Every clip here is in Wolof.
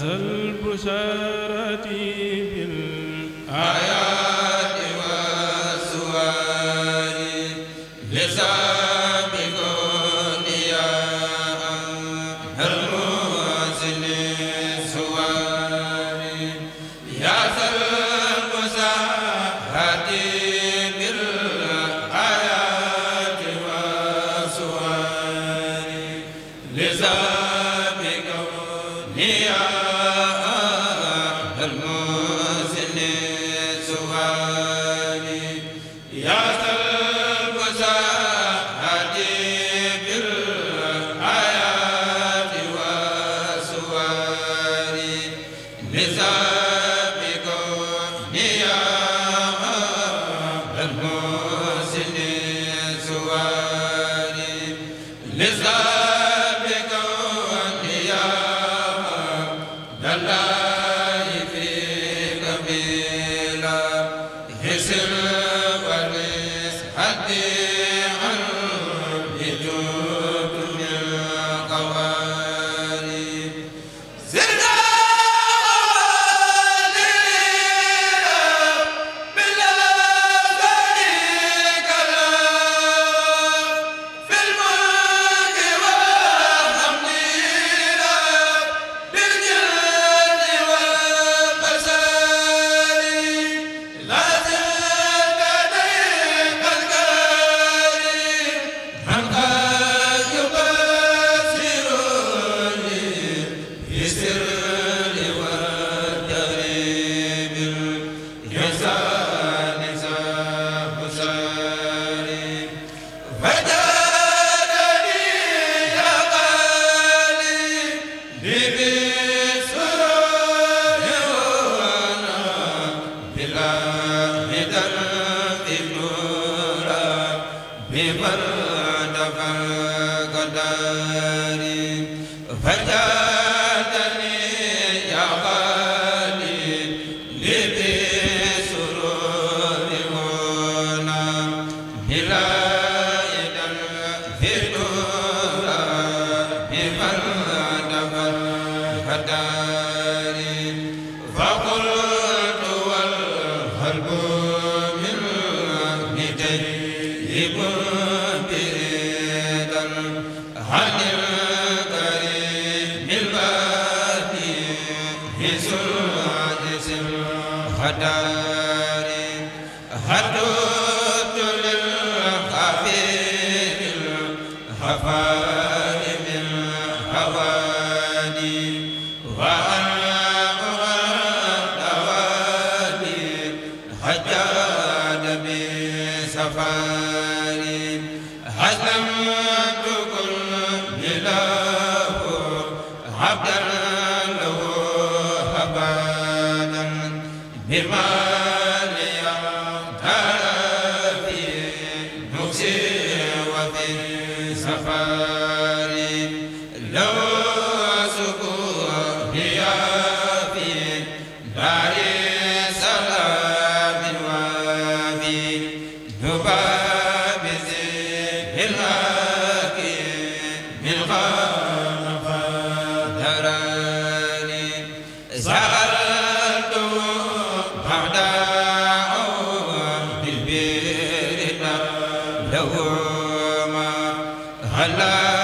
ذا البشارة bi Nirmal Allah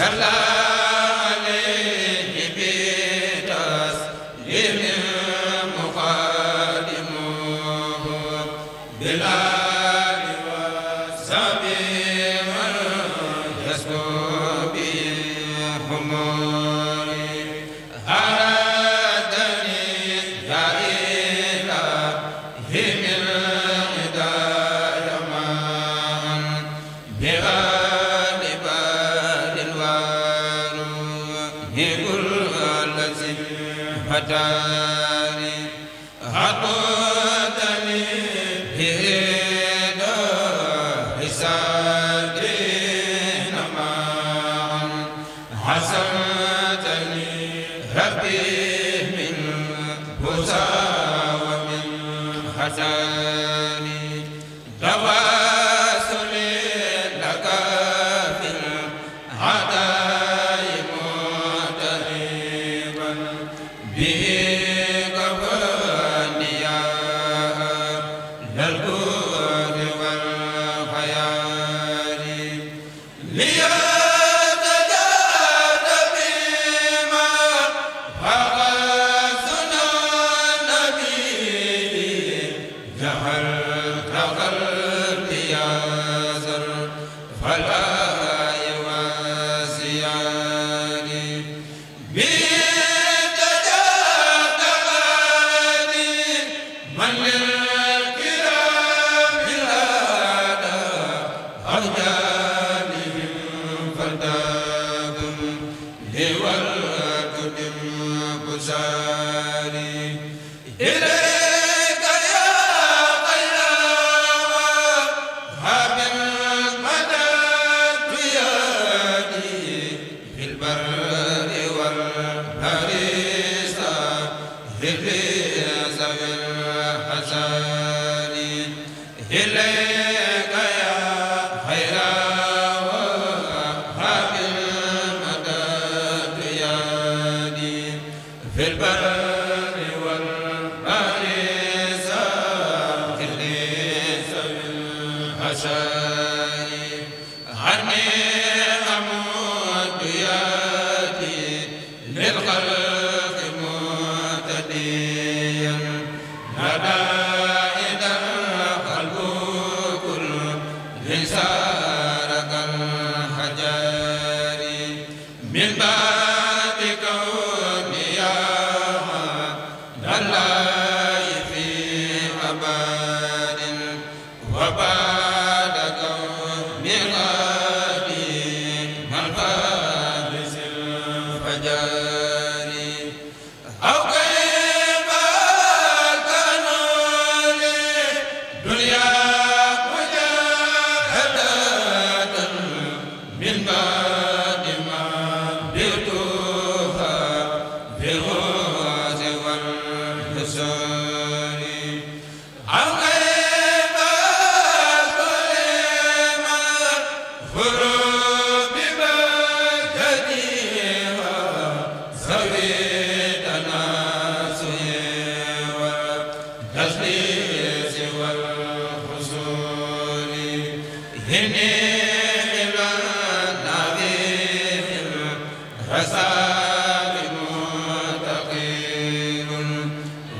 salaam amiin hiya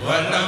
wala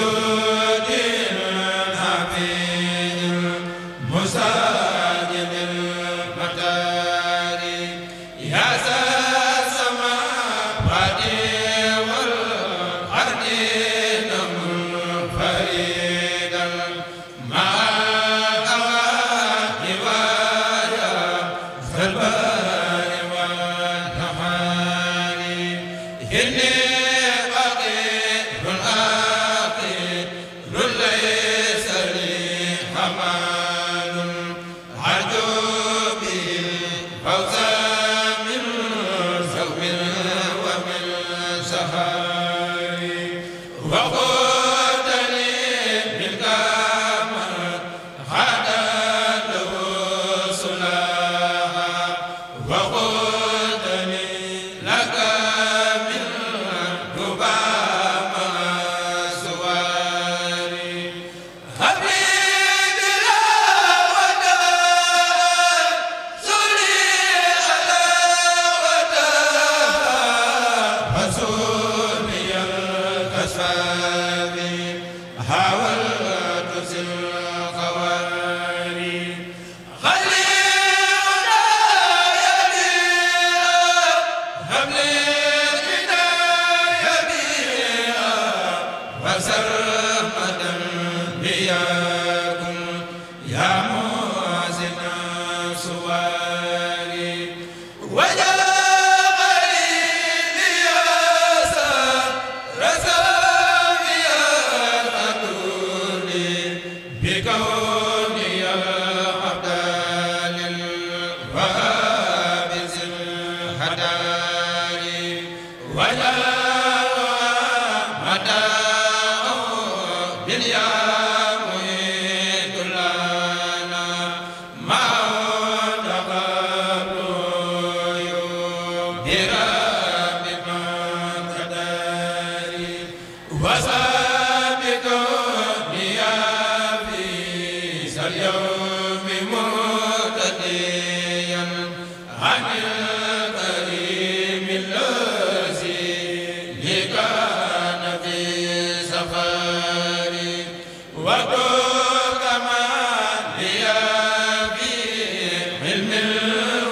de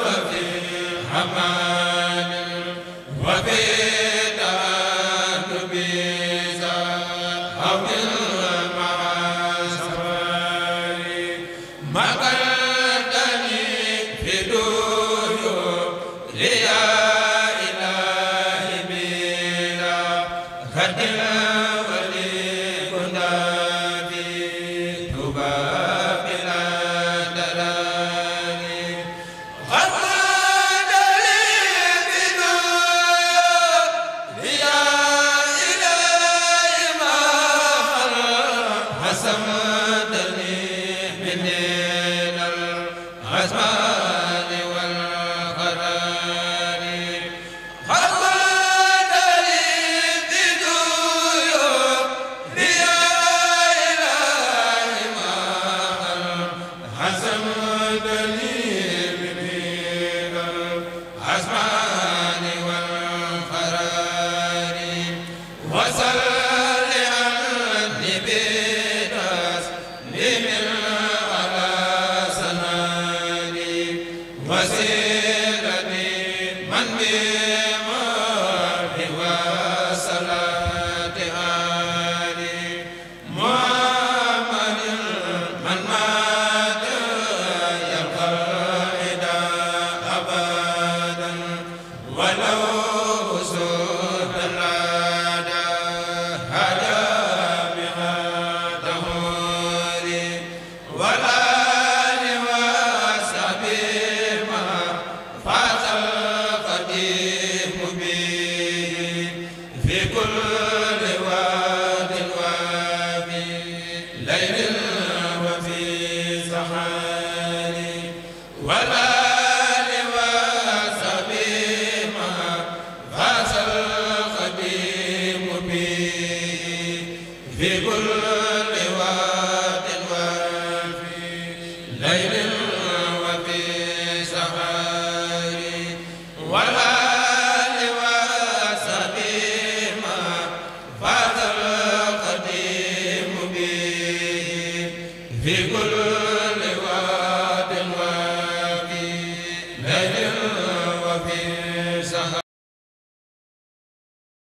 wa fi Asma Amin sax